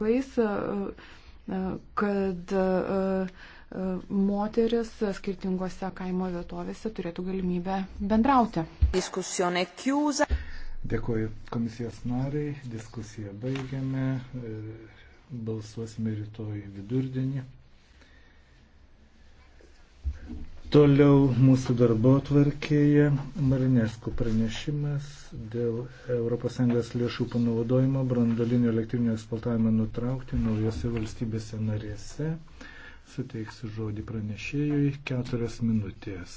laikais, e, e, kad e, moteris skirtingose kaimo vietovėse turėtų galimybę bendrauti. Diskusione chiusa. Dėkuoju komisijos nariai, diskusiją baigiame, balsuosime rytoj vidurdienį. Toliau mūsų darbo tvarkėje Marinesko pranešimas dėl ES lėšų panaudojimo brandolinio elektrinio eksploatavimo nutraukti naujose valstybėse narėse. Suteiksiu žodį pranešėjui keturias minutės.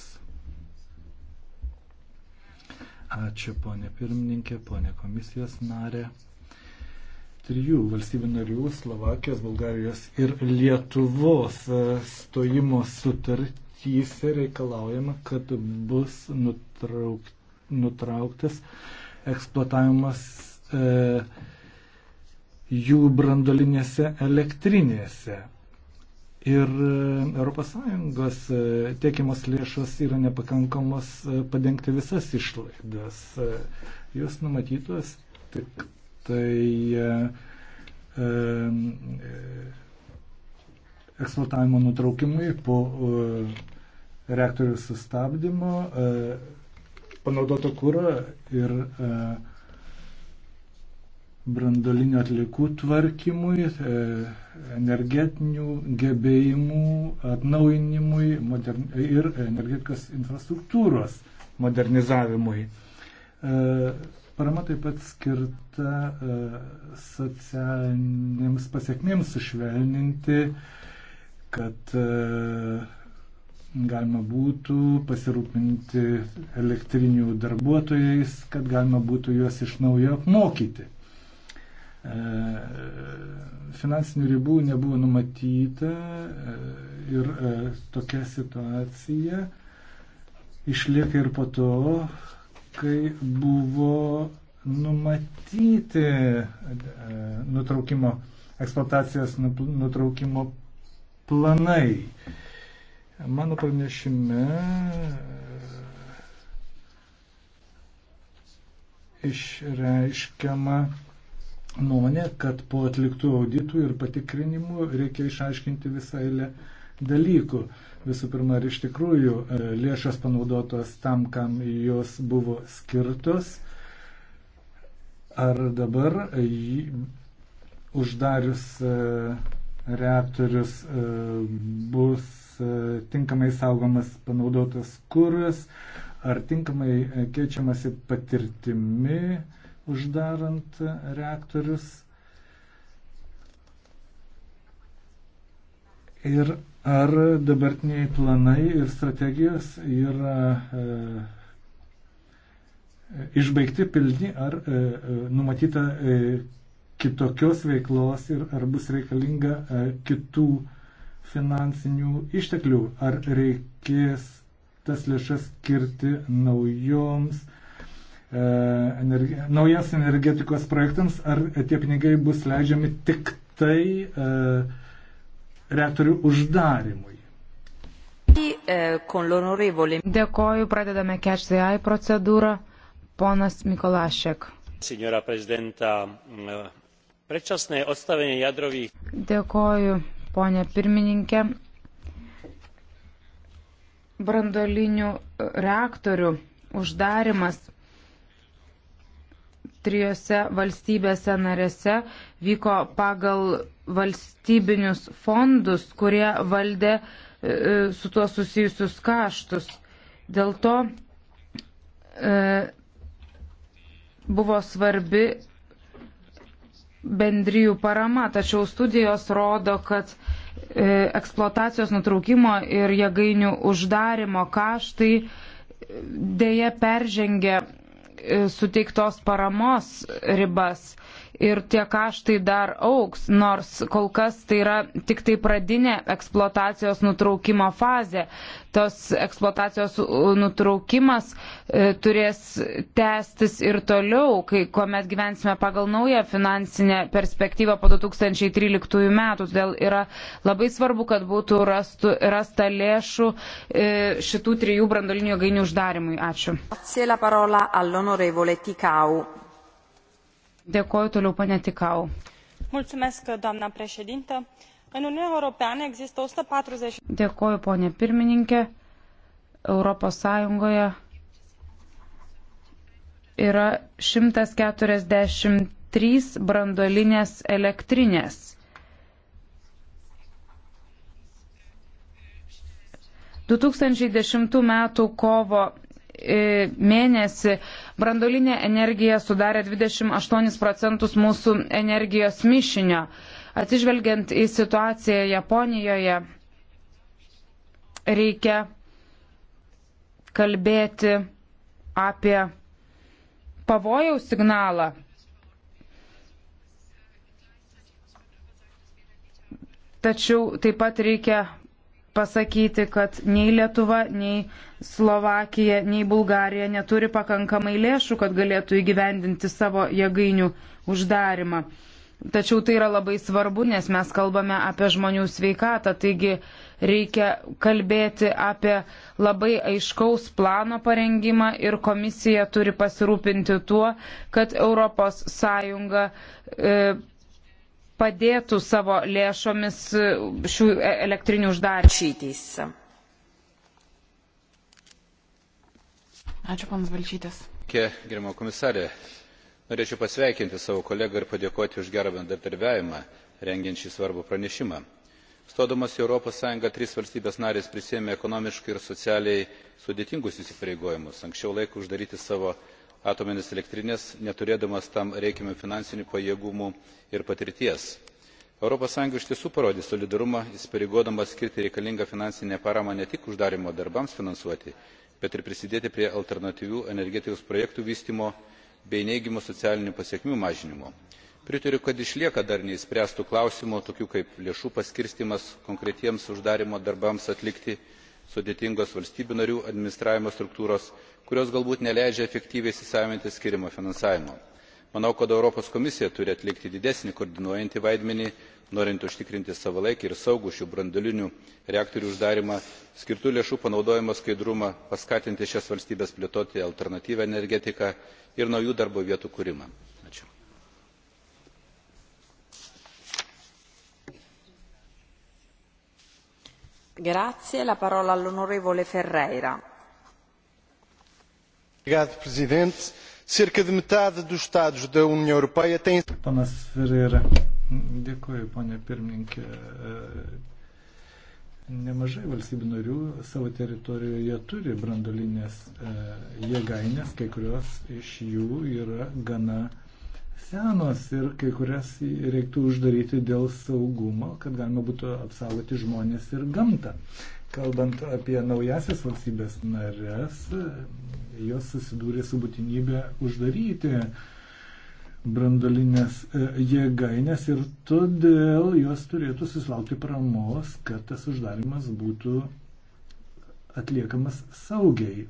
Ačiū ponė pirmininkė, ponė komisijos narė. Trijų valstybių narių - Slovakijos, Bulgarijos ir Lietuvos stojimo sutartis sutartyse reikalaujama, kad bus nutrauk, nutrauktas eksploatavimas e, jų brandolinėse elektrinėse. Ir ES e, tiekiamos lėšos yra nepakankamos e, padengti visas išlaidas. E, jos numatytos tik tai e, e, eksploatavimo nutraukimui po e, reaktorių sustabdymo, e, panaudoto kūro ir e, brandolinio atlikų tvarkymui, energetinių gebėjimų atnaujinimui modern... ir energetikos infrastruktūros modernizavimui. Parama taip pat skirta socialinėms pasiekmėms sušvelninti uh, kad e, galima būtų pasirūpinti elektrinių darbuotojais, kad galima būtų juos iš naujo apmokyti. E, finansinių ribų nebuvo numatyta e, ir tokia situacija išlieka ir po to, kai buvo numatyti nutraukimo, eksploatacijos nutraukimo planai. Mano pranešime e, išreiškiama nuomonė, kad po atliktų auditų ir patikrinimų reikia išaiškinti visą eilę dalykų. Visų pirma, ar iš tikrųjų e, lėšas panaudotos tam, kam jos buvo skirtos, ar dabar e, jį, uždarius reaktorius e, bus e, tinkamai saugomas panaudotas kuras, ar tinkamai e, keičiamasi patirtimi uždarant reaktorius. Ir ar dabartiniai planai ir strategijos yra e, išbaigti pilni, ar e, numatyta e, kitokios veiklos ir ar bus reikalinga e, kitų finansinių išteklių, ar reikės tas lėšas skirti naujoms, e, energi, naujas energetikos projektams, ar tie pinigai bus leidžiami tik tai e, reaktorių uždarimui. E, Dėkoju, pradedame catch the eye procedūrą. Ponas Mikolašek. Signora prezidenta, Predčasné odstavenie jadrových. Dėkoju, ponė pirmininkė. Brandolinių reaktorių uždarimas trijose valstybėse narėse vyko pagal valstybinius fondus, kurie valdė e, e, su tuo susijusius kaštus. Dėl to e, buvo svarbi bendrijų parama, tačiau studijos rodo, kad e, eksploatacijos nutraukimo ir jėgainių uždarimo kaštai e, dėja peržengia e, suteiktos paramos ribas ir tie kaštai dar auks, nors kol kas tai yra tik tai pradinė eksploatacijos nutraukimo fazė. Tos eksploatacijos nutraukimas e, turės tęstis ir toliau, kai kuomet gyvensime pagal naują finansinę perspektyvą po 2013 metų. Todėl yra labai svarbu, kad būtų rastu, rasta lėšų e, šitų trijų brandolinių gainių uždarimui. Ačiū. Ačiū. Dėkoju toliau, pane Tikau. Mulțumesc, doamna președintă. În Uniunea Europeană există 140. Dėkoju, ponė pirmininkė. Europos Sąjungoje yra 143 brandolinės elektrinės. du tūkstančiai dešimt metų kovo E, mėnesį brandolinė energija sudarė 28 procentus mūsų energijos mišinio. Atsižvelgiant į situaciją Japonijoje, reikia kalbėti apie pavojaus signalą. Tačiau taip pat reikia pasakyti, kad nei Lietuva, nei Slovakija, nei Bulgarija neturi pakankamai lėšų, kad galėtų įgyvendinti savo jėgainių uždarimą. Tačiau tai yra labai svarbu, nes mes kalbame apie žmonių sveikatą, taigi reikia kalbėti apie labai aiškaus plano parengimą ir komisija turi pasirūpinti tuo, kad ES e, padėtų savo lėšomis e, šių e, elektrinių uždarčytis. Ačiū, panas Valčytis. Gerimo komisarė, norėčiau pasveikinti savo kolegą ir padėkoti už gerą bendradarbiavimą, rengiant šį svarbų pranešimą stodamos į europos sąjungą trys valstybės narės prisiėmė ekonomiškai ir socialiai sudėtingus įsipareigojimus anksčiau laiko uždaryti savo atomines elektrines neturėdamas tam reikiamų finansinių pajėgumų ir patirties. europos sąjunga iš tiesų parodė solidarumą įsipareigodama skirti reikalingą finansinę paramą ne tik uždarymo darbams finansuoti bet ir prisidėti prie alternatyvių energetikos projektų vystymo bei neigiamų socialinių pasekmių mažinimo. pritariu kad išlieka dar neišspręstų klausimų tokių kaip lėšų paskirstymas konkretiems uždarymo darbams atlikti sudėtingos valstybių narių administravimo struktūros kurios galbūt neleidžia efektyviai įsisavinti skiriamo finansavimo. manau kad europos komisija turi atlikti didesnį koordinuojantį vaidmenį norint užtikrinti savalaikį ir saugų šių branduolinių reaktorių uždarymą skirtų lėšų panaudojimo skaidrumą paskatinti šias valstybes plėtoti alternatyvią energetiką ir naujų darbo vietų kūrimą. Grazie, la parola all'onorevole Ferreira. Obrigado, Presidente. Cerca de metade dos Estados da União Europeia tem. Panas Ferreira, dėkuoju, ponė pirmininkė. E, nemažai valstybių narių savo teritorijoje turi brandolinės e, jėgainės, kai kurios iš jų yra gana uh, senos ir kai kurias reiktų uždaryti dėl saugumo, kad galima būtų apsaugoti žmonės ir gamtą. Kalbant apie naujasias valstybės narės, jos susidūrė su būtinybė uždaryti brandolinės e, jėgainės ir todėl jos turėtų susilaukti paramos, kad tas uždarimas būtų atliekamas saugiai.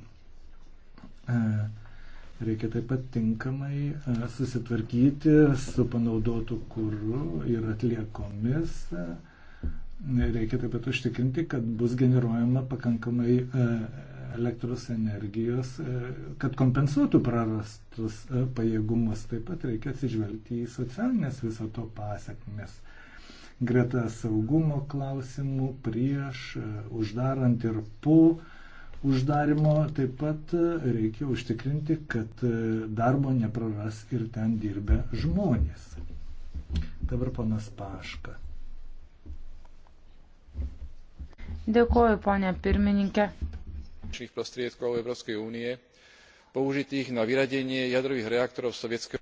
E, Reikia taip pat tinkamai e, susitvarkyti su panaudotu kūru ir atliekomis. Reikia taip pat užtikrinti, kad bus generuojama pakankamai e, elektros energijos, e, kad kompensuotų prarastus pajėgumus. Taip pat reikia atsižvelgti į socialinės viso to pasiekmes. Greta saugumo klausimų prieš, uždarant ir po uždarimo taip pat e, reikia užtikrinti, kad e, darbo nepraras ir ten dirbę žmonės. Dabar panas Paška. Dėkuoju, ponė pirmininkė. Šných prostriedkov Európskej únie použitých na vyradenie jadrových reaktorov sovietského...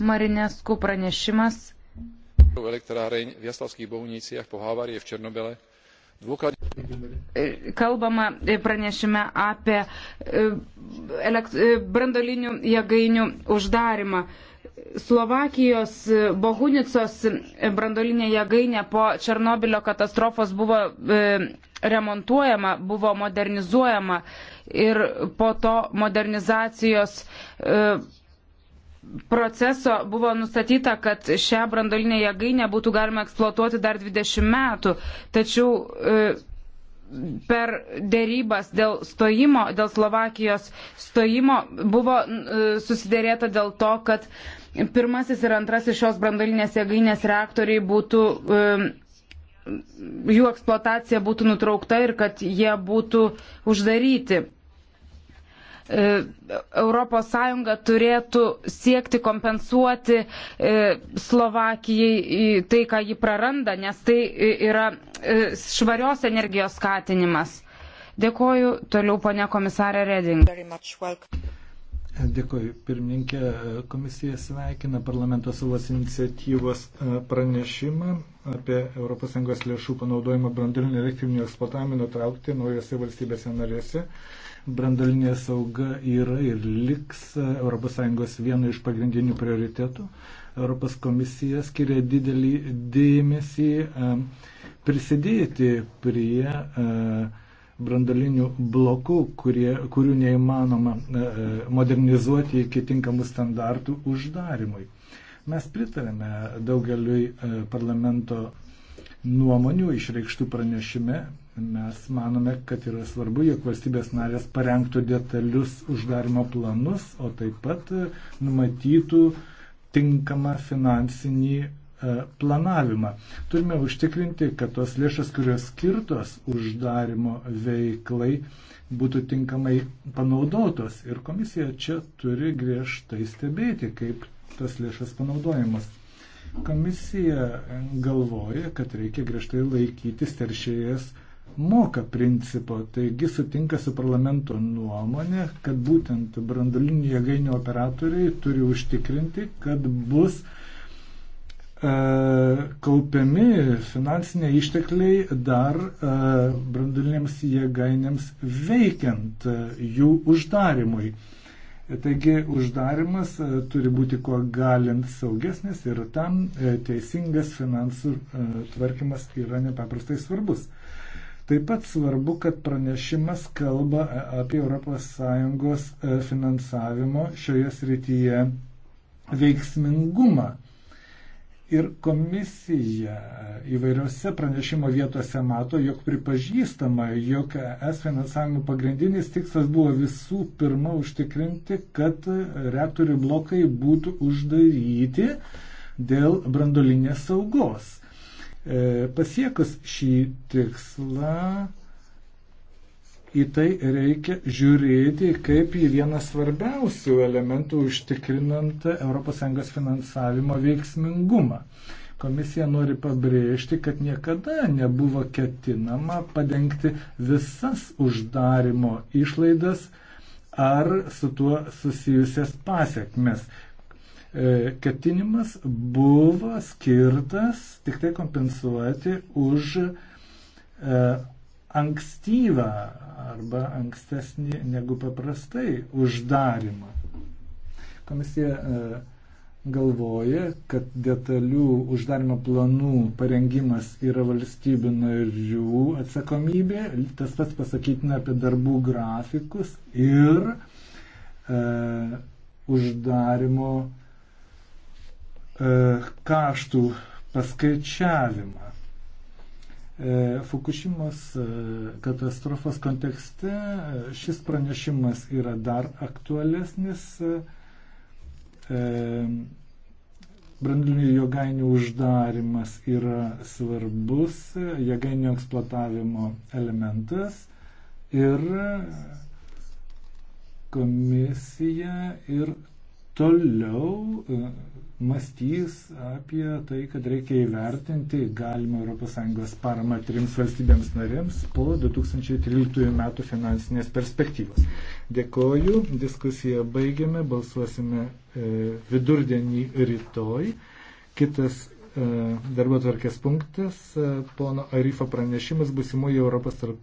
Marinesku pranešimas. ...elektráreň v Jaslavských Bohuniciach po havárii v Černobele Kalbama pranešime apie e, e, brandolinių jėgainių uždarimą. Slovakijos e, Bohunicos brandolinė jėgainė po Černobilio katastrofos buvo remontuojama, buvo modernizuojama ir po to modernizacijos proceso buvo nustatyta, kad šią brandolinę jėgainę būtų galima eksploatuoti dar 20 metų, tačiau e, per dėrybas dėl stojimo, dėl Slovakijos stojimo buvo e, susidėrėta dėl to, kad pirmasis ir antrasis šios brandolinės jėgainės reaktoriai būtų, e, jų eksploatacija būtų nutraukta ir kad jie būtų uždaryti. ES turėtų siekti kompensuoti e, Slovakijai tai, ką ji praranda, nes tai yra e, švarios energijos skatinimas. Dėkoju toliau, ponė komisarė Reding. Dėkui, pirmininkė. Komisija sveikina parlamento savos iniciatyvos e, pranešimą apie ES lėšų panaudojimą brandalinio elektrinio eksploatavimą nutraukti naujose valstybėse narėse. Brandalinė sauga yra ir liks e, ES vienu iš pagrindinių prioritetų. Europos komisija skiria didelį dėmesį e, prisidėti prie uh, brandalinių blokų, kurie, kurių neįmanoma e, e, modernizuoti iki tinkamų standartų uždarimui. Mes pritarėme daugeliui e, parlamento nuomonių išreikštų pranešime. Mes manome, kad yra svarbu, jog valstybės narės parengtų detalius uždarimo planus, o taip pat numatytų tinkamą finansinį E, planavimą. Turime užtikrinti, kad tos lėšas, kurios skirtos uždarimo veiklai, būtų tinkamai panaudotos. Ir komisija čia turi griežtai stebėti, kaip tas lėšas panaudojamas. Komisija galvoja, kad reikia griežtai laikytis teršėjas moka principo, taigi sutinka su parlamento nuomonė, kad būtent brandalinių jėgainių operatoriai turi užtikrinti, kad bus uh, E, kaupiami finansiniai ištekliai dar e, brandulinėms jėgainėms veikiant e, jų uždarimui. Taigi uždarimas turi būti kuo galint saugesnis ir tam teisingas finansų tvarkymas yra nepaprastai svarbus. Taip pat svarbu, kad pranešimas kalba apie ES finansavimo šioje srityje veiksmingumą Ir komisija įvairiose pranešimo vietose mato, jog pripažįstama, jog es finansavimo pagrindinis tikslas buvo visų pirma užtikrinti, kad reaktorių blokai būtų uždaryti dėl brandolinės saugos. E, pasiekus šį tikslą į tai reikia žiūrėti kaip į vieną svarbiausių elementų užtikrinant ES finansavimo veiksmingumą. Komisija nori pabrėžti, kad niekada nebuvo ketinama padengti visas uždarimo išlaidas ar su tuo susijusias pasiekmes e, ketinimas buvo skirtas tik tai kompensuoti už e, ankstyvą arba ankstesnį negu paprastai uždarimą. Komisija e, galvoja, kad detalių uždarimo planų parengimas yra valstybių narių atsakomybė, tas pats pasakytina apie darbų grafikus ir e, uždarimo e, kaštų paskaičiavimą. E, Fukushimos e, katastrofos kontekste e, šis pranešimas yra dar aktualesnis. Brandulinių jėgainių uždarimas yra svarbus jėgainių eksploatavimo elementas ir komisija ir toliau e, mąstys apie tai, kad reikia įvertinti galimą ES paramą trims valstybėms narėms po 2013 metų finansinės perspektyvos. Dėkoju, diskusiją baigiame, balsuosime e, vidurdienį rytoj. Kitas e, darbo tvarkės punktas, pono Arifo pranešimas busimoji Europos tarp.